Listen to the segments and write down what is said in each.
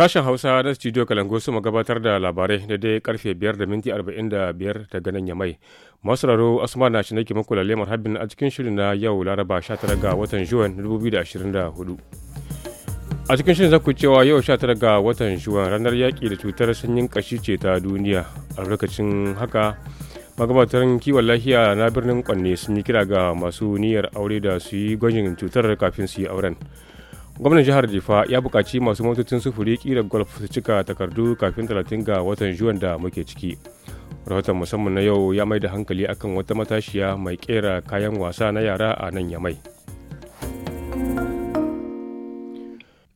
Sashen Hausa na Studio Kalango su gabatar da labarai da dai karfe 5 da minti 45 daga nan yamai. Masu raro na shi nake muku lalle a cikin shirin na yau Laraba 19 ga watan Juwan 2024. A cikin shirin zaku cewa yau 19 ga watan Juwan ranar yaƙi da cutar sanyin kashi ce ta duniya. A lokacin haka magabatan kiwon lafiya na birnin Kwanne sun yi kira ga masu niyyar aure da su yi gwajin cutar kafin su yi auren. gwamnan jihar difa ya bukaci masu motocin sufuri ƙirar golf su cika takardu kafin 30 ga watan juwan da muke ciki rahoton musamman na yau ya mai da hankali akan wata matashiya mai kera kayan wasa na yara a nan yamai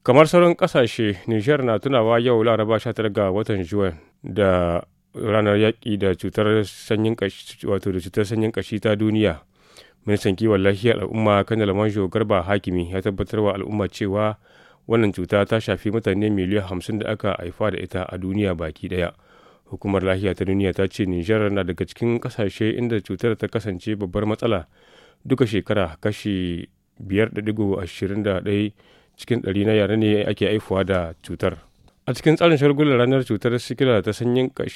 kamar sauran kasashe nijar na tunawa yau laraba 19 ga watan juwan da ranar yaƙi da cutar sanyin ƙashi ta duniya ministan kiwon lafiyar al'umma kanjal manjo garba hakimi ya tabbatar wa al'umma cewa wannan cuta ta shafi mutane miliyan hamsin da aka haifa da ita a duniya baki daya hukumar lafiya ta duniya ta ce nijar na daga cikin kasashe inda cutar ta kasance babbar matsala duka shekara kashi 5.21 cikin ɗari na yare ne ake haifuwa da cutar A cikin tsarin shagulgular ranar cutar sikila ta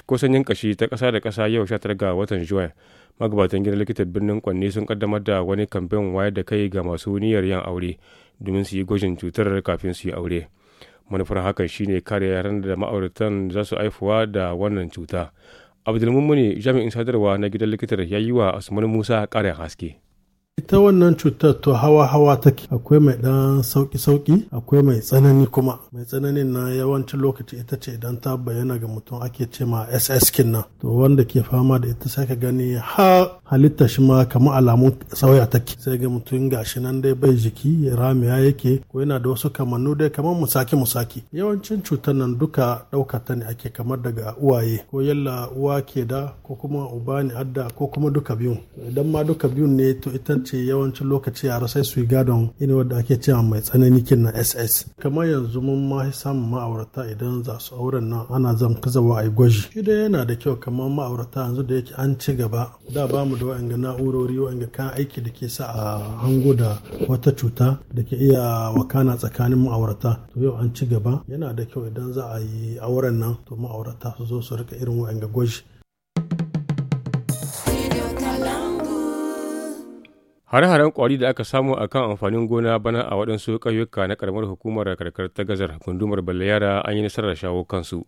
ko sanyin kashi ta kasa da kasa yau 19 ga watan Juwan, magabatan gidan likitan birnin Kwanne sun kaddamar da wani kamfen wayar da kai ga masu niyyar yin aure domin su yi gwajin cutar kafin su yi aure. Manufar hakan shine kare yaran da ma'auratan za su haifuwa da wannan cuta. Abdulmumuni jami'in sadarwa na gidan likitar ya yi wa Usman Musa karin haske. ita wannan cutar to hawa-hawa take akwai mai ɗan sauki sauki akwai mai tsanani kuma mai tsananin na yawancin lokaci ita ce idan ta bayyana ga mutum ake ce ma ss kin nan to wanda ke fama da ita sai ka gani har halitta shi ma kamar alamun sauya take sai ga mutum gashi nan dai bai jiki ramiya yake ko yana da wasu kamannu dai kamar musaki musaki yawancin cutar nan duka daukata ne ake kamar daga uwaye ko yalla uwa ke da ko kuma uba ne adda ko kuma duka biyun idan ma duka biyun ne to ita ce yawancin lokaci yara sai su yi gadon irin wanda ake cewa mai tsanani kin na ss kamar yanzu mun ma samun ma'aurata idan za su auren nan ana zan kazawa a yi gwaji shi dai yana da kyau kamar ma'aurata yanzu da yake an ci gaba da ba mu da wa'anga na'urori wa'anga kan aiki da ke sa a hango da wata cuta da ke iya wakana tsakanin ma'aurata to yau an ci gaba yana da kyau idan za a yi auren nan to ma'aurata su zo su rika irin wa'anga gwaji Hare-haren kwari da aka samu a kan amfanin gona bana a waɗansu ƙauyuka na ƙaramar hukumar karkar ta gazar gundumar balayara an yi nasarar shawo kansu.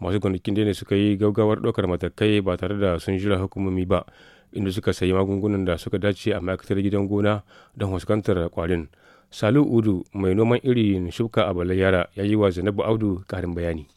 Masu gonakin ne suka yi gaugawar ɗaukar matakai ba tare da sun jira hukumomi ba. inda suka sayi magungunan da suka dace a ma'aikatar gidan gona don fuskantar kwarin. Salu Udu mai noman irin shuka a Balayara ya yi wa Zainabu Audu karin bayani.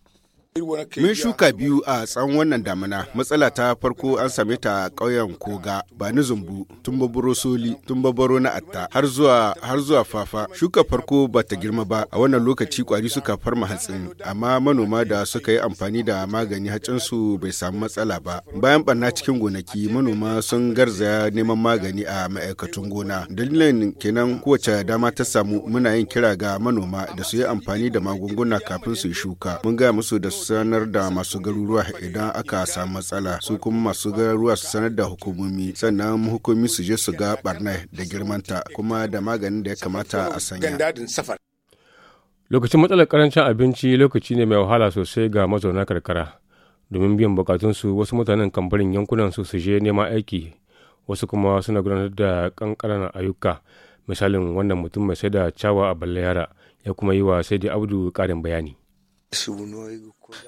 Mun shuka biyu a tsawon wannan damina. Matsala ta farko an same ta a ƙauyen Koga, Bani Zumbu, Tumbaburo Soli, Tumbaburo na Atta, har zuwa har zuwa Fafa. Shuka farko ba ta girma ba, a wannan lokaci kwari suka farma hatsin, amma manoma da suka yi amfani da magani hatsinsu bai samu matsala ba. Bayan ɓanna cikin gonaki, manoma sun garzaya neman magani a ma'aikatun gona. Dalilin kenan kowace dama ta samu muna yin kira ga manoma da su yi amfani da magunguna kafin su yi shuka. Mun gaya musu da su sanar da masu garuruwa idan aka samu matsala su kuma masu garuruwa su sanar da hukumomi sannan hukumi su je su ga barna da girmanta kuma da maganin da ya kamata a sanya lokacin matsalar karancin abinci lokaci ne mai wahala sosai ga mazauna karkara domin biyan bukatunsu wasu mutanen kamfanin yankunan su su je neman aiki wasu kuma suna gudanar da kankanan ayyuka misalin wannan mutum mai sai da cawa a ballayara yara ya kuma yi wa sai da abdu karin bayani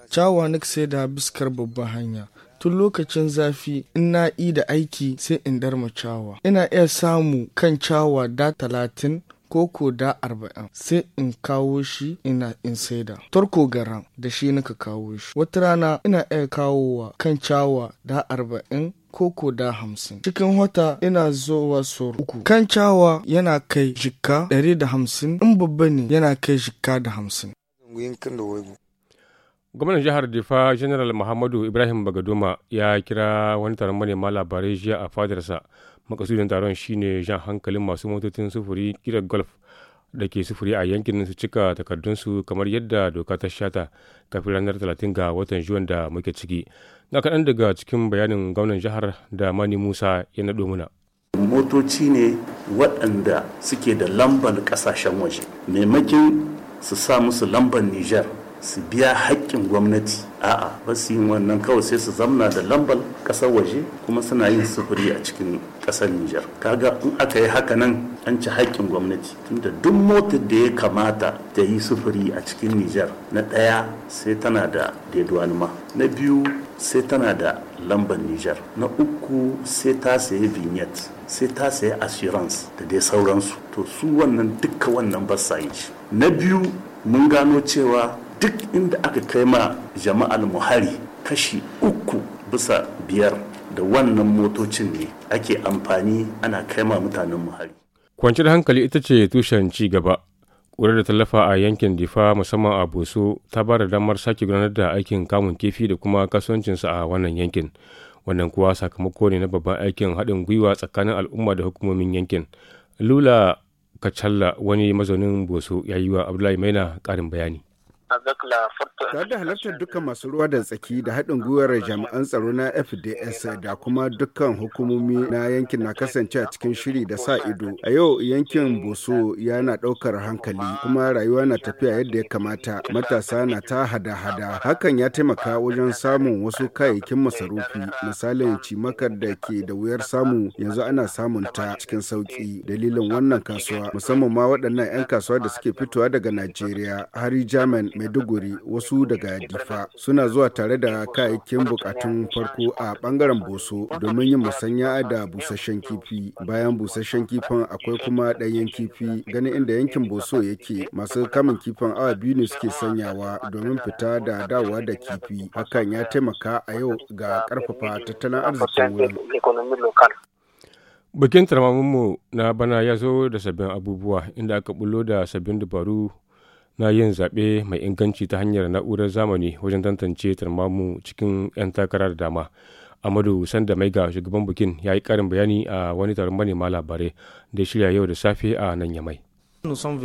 Cawa nik sai da biskar babban hanya. Tun lokacin zafi in na yi da aiki sai in darma cawa. Ina iya samu kan cawa da talatin ko da arba'in sai in kawo shi ina in saida. Tarko garan da shi nika kawo shi. Wata rana ina iya kawowa kan cawa da arba'in koko da hamsin. Cikin wata ina zowa sau uku. Kan cawa yana kai jikka ɗari da hamsin in babba ne yana kai jikka da hamsin. yankin da gwamnan jihar difa general muhammadu ibrahim bagadoma ya kira wani taron manema labarai jiya a fadarsa makasudin taron shine jan hankalin masu motocin sufuri kira golf da ke sufuri a yankin su cika takardunsu kamar yadda doka ta shata kafin ranar 30 ga watan juwan da muke ciki ga kaɗan daga cikin bayanin gwamnan jihar da mani musa ya naɗo muna motoci ne waɗanda suke da lambar ƙasashen waje maimakin su sa musu lambar Nijar su biya haƙƙin gwamnati a'a ba su yin wannan kawai sai su zamna da lambar ƙasar waje kuma suna yin sufuri a cikin ƙasar Nijar kaga in aka yi haka nan an ci haƙƙin gwamnati tunda duk motar da ya kamata ta yi sufuri a cikin Nijar na ɗaya sai tana da deduwanma na biyu sai tana da lambar Nijar na uku sai ta sayi vignette sai ta sayi assurance da dai sauransu to su wannan duka wannan ba sa yin na biyu mun gano cewa duk inda aka kai ma jama'al muhari kashi uku bisa biyar da wannan motocin ne ake amfani ana kai ma mutanen muhari kwanciyar hankali ita ce tushen ci gaba ƙurar da tallafa a yankin difa musamman a boso ta ba da damar sake gudanar da aikin kamun kifi da kuma kasuwancinsa a wannan yankin wannan kuwa sakamako ne na babban aikin haɗin gwiwa tsakanin al'umma da hukumomin yankin lula kacalla wani mazaunin boso ya yi wa abdullahi maina ƙarin bayani ta da halartar dukkan masu ruwa da tsaki da haɗin gwiwar jami'an tsaro na fds da kuma dukkan hukumomi na yankin na kasance a cikin shiri da sa ido a yau yankin boso yana ɗaukar hankali kuma rayuwa na tafiya yadda ya kamata matasa na ta hada-hada hakan ya taimaka wajen samun wasu kayayyakin masarufi misalin cimakar da ke da wuyar samu yanzu ana samun ta cikin sauki dalilin wannan kasuwa musamman ma waɗannan 'yan kasuwa da suke fitowa daga najeriya hari german maiduguri wasu daga difa suna zuwa tare da kayayyakin bukatun farko a bangaren boso domin yin musanya da busasshen kifi bayan busasshen kifin akwai kuma ɗanyen kifi ganin inda yankin boso yake masu kamun kifin awa biyu ne suke sanyawa domin fita da dawowa da kifi hakan ya taimaka a yau ga karfafa tattalin arzikin wurin bikin mu na bana ya zo da sabbin abubuwa inda aka bullo da sabbin dabaru na yin zaɓe mai inganci ta hanyar na'urar zamani wajen tantance tarmamu cikin 'yan takara da dama amadu sanda mai ga shugaban bikin ya yi karin bayani a wani taron manema labarai da shirya yau da safe a nan yamai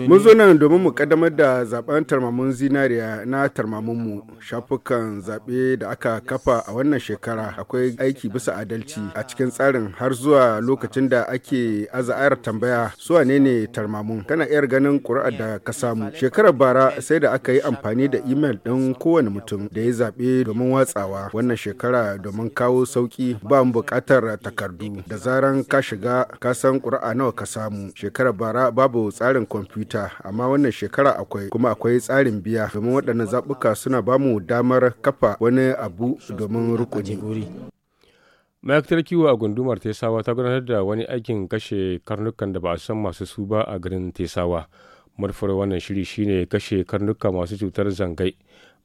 Mun zo nan domin mu kaddamar da zaben tarmamin zinariya na tarmaminmu shafukan zaɓe da aka kafa a wannan shekara akwai aiki bisa adalci a cikin tsarin har zuwa lokacin da ake aza'ar tambaya su wane ne tarmamin kana 'yar ganin ƙuri'ar da ka samu. Shekarar bara sai da aka yi amfani da imel ɗin kowane mutum da ya zaɓe domin watsawa wannan shekara domin kawo sauki. ba mu buƙatar takardu da zaran ka shiga ka san ƙuri'a nawa ka samu. Shekarar bara babu tsarin kwamfuta amma wannan shekara akwai kuma akwai tsarin biya domin waɗannan zaɓuka suna bamu damar kafa wani abu domin rukuni. ma'aikatar kiwo a gundumar tesawa ta gudanar da wani aikin kashe karnukan da ba a san masu su ba a garin tesawa manufar wannan shiri shine kashe karnuka masu cutar zangai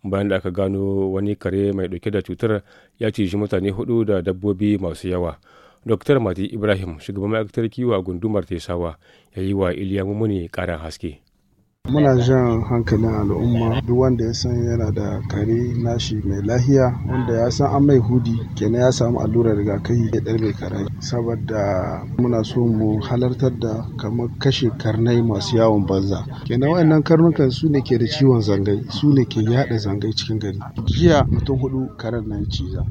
bayan da aka gano wani kare mai dauke da cutar ya ciji mutane hudu da dabbobi masu yawa Dr. Mati Ibrahim shugaban ma'aikatar kiwo a gundumar Tesawa ya yi wa Iliya Mumuni ƙarin haske. muna jan hankalin al'umma duk wanda ya san yana da kare nashi mai lahiya wanda ya san an mai hudi kenan ya samu allurar rigakafi ya ɗar mai kare saboda muna so mu halartar da kamar kashe karnai masu yawon banza kenan wayannan karnukan su ne ke da ciwon zangai su ne ke yada zangai cikin gari jiya mutum hudu karen nan ciza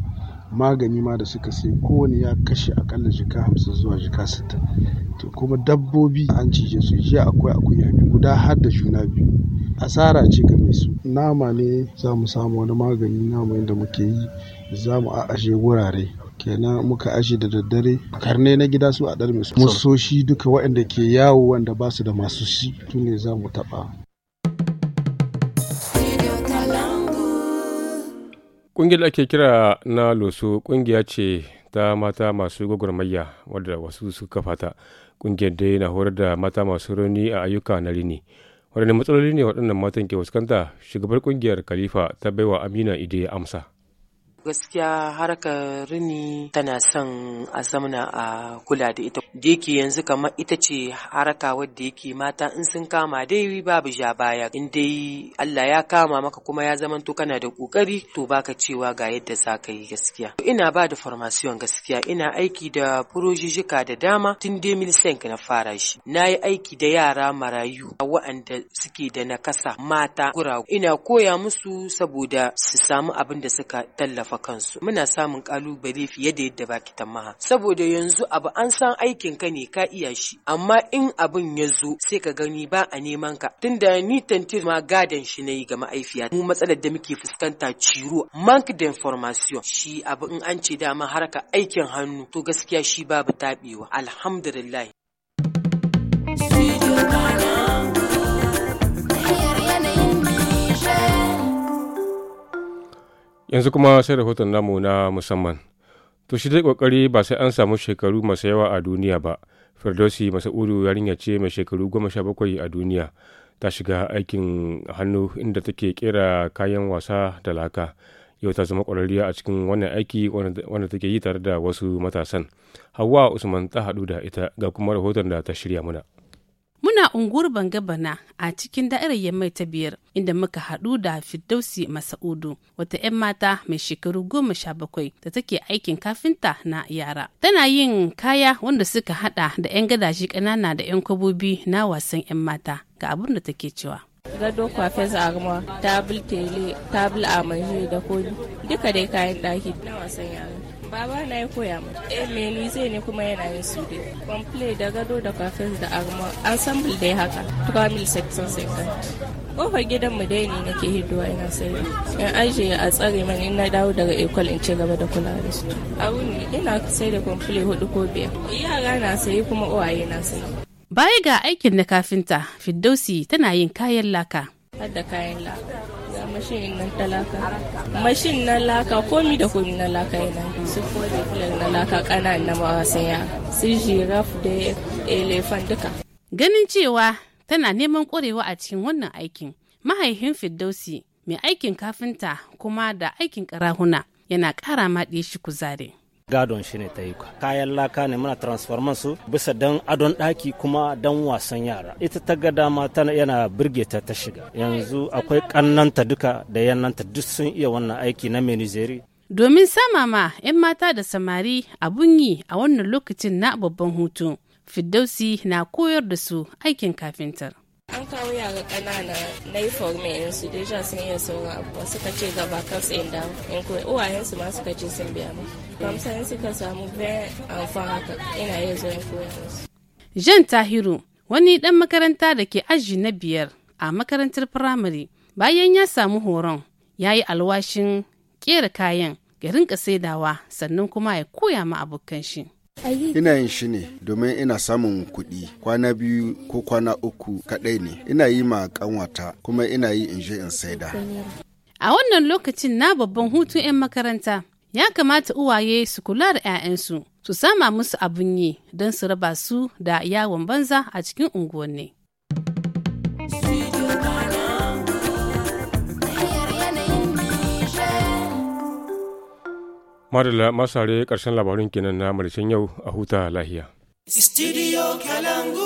magani ma da suka sai kowane ya kashe akalla jika hamsin zuwa jika sittin to kuma dabbobi an cije su jiya akwai akuya biyu guda har da juna biyu asara ce ga mai su nama ne za mu samu wani magani nama yadda muke yi za mu ashe wurare kenan muka ashe da daddare karne na gida su a dar mai su musoshi duka waɗanda ke yawo wanda ba su da masu shi tune za mu taɓa Ƙungiyar da ake kira na Loso ƙungiya ce ta mata masu gwagwarmaya wadda wasu suka fata. Ƙungiyar dai na horar da mata masu rauni a ayyuka na rini. wadannan matsaloli ne waɗannan matan ke fuskanta? Shugabar ƙungiyar Khalifa ta baiwa Amina Ide amsa. gaskiya harkar rini tana son a zamana a kula da ita da yake yanzu kamar ita ce haraka wadda yake mata in sun kama dai babu ja baya in dai Allah ya kama maka kuma ya zaman to kana da kokari to baka cewa ga yadda za ka yi gaskiya To ina ba da formation gaskiya ina aiki da projejika da dama tun 2005 na fara shi na yi aiki da yara marayu A waɗanda suke da nakasa mata guragu ina koya musu saboda su samu abin da suka tallafa kansu muna samun kalubale fiye da yadda baki tamaha saboda yanzu abu an san aiki aikin ka ne ka iya shi amma in abin ya zo sai ka gani ba a neman ka tunda ni tantir ma gadan shi nayi ga ma'aifiya mu matsalar da muke fuskanta ciro mank da information shi abu in an ce dama harka aikin hannu to gaskiya shi babu taɓewa alhamdulillah yanzu kuma sai rahoton namu na musamman To shi dai kokari ba sai an samu shekaru masu yawa a duniya ba. Firdausi Masa'udu yarinya ce mai shekaru goma sha bakwai a duniya. Ta shiga aikin hannu inda take kera kayan wasa da laka. Yau ta zama kwararriya a cikin wannan aiki wanda take yi tare da wasu matasan. Hauwa Usman ta haɗu da ita ga kuma rahoton da ta shirya mana. Muna unguwar Bangabana a cikin da'irar Yammai ta biyar inda muka haɗu da Firdausi Masa'udu wata 'yan mata mai shekaru goma sha bakwai da take aikin kafinta na yara. Tana yin kaya wanda suka haɗa da 'yan gadashi ƙanana da 'yan kwabobi na wasan 'yan mata ga abin da take cewa. gado kwafe arma tabul tele tabul amaji da kodi duka dai kayan ɗaki na wasan yara Baba na ya koya mu. Eh zai ne kuma yana yin su dai. Complete da gado da kafin da san Ensemble dai haka. mil section second. Kofar gidan mu dai ne nake hidduwa ina sai. In aje a tsare mani na dawo daga ekol in ci gaba da kula da su. A wuni ina sai da complete hudu ko biyar. Yara na sayi kuma uwaye na sai Baya ga aikin na kafinta, Fiddausi tana yin kayan laka. Har da kayan laka. mashin na laka komi da komi na laka yana su na laka kanan na mawasaya su jiraf da elefan duka ganin cewa tana neman ƙwarewa a cikin wannan aikin mahaifin firdausi mai aikin kafinta kuma da aikin karahuna yana ƙara maɗe shi kuzari. gadon shi ne ta yi kayan laka ne muna transforman su bisa don adon daki kuma don wasan yara ita ta gada dama yana birge ta ta shiga yanzu akwai kannanta duka da yannanta duk sun iya wannan aiki na menizeri domin sama ma 'yan mata da samari abun yi a wannan lokacin na babban hutu fiddausi na koyar da su aikin kafintar kawo yara ƙanana na yi forme su deja sun iya sauran ba suka ce gaba kan su inda in ko su ma suka ce sun biya mu kamsan suka samu bayan amfan haka ina iya zo in Jan Tahiru wani dan makaranta da ke aji na biyar a makarantar firamare bayan ya samu horon ya yi alwashin kera kayan ya rinka saidawa sannan kuma ya koya ma abokan shi. Ina yin shi ne domin ina samun kuɗi kwana biyu ko kwana uku kaɗai ne. Ina yi ma kanwata kuma ina yi in je in saida. A wannan lokacin na babban hutun 'yan makaranta ya kamata uwaye su kula da 'ya'yansu su sama musu abun yi don su raba su da yawon banza a cikin unguwanni. Madalla masare karshen labarin kenan na marishin yau a huta lahiya. Studio Kalangu.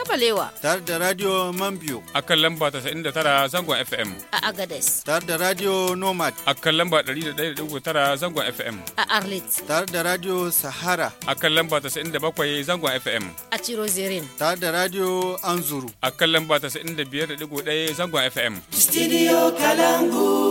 Kabalewa. Tare da Radio Mambio. A kan lamba tara zangon FM. A Agades. Tare da Radio Nomad. A kan lamba tara zangon FM. A Arlit. Tare da Radio Sahara. A kan lamba bakwai zangon FM. A Chirozirin. Tare da Radio Anzuru. A kan lamba biyar 95.1 zangon FM. Studio Kalangu.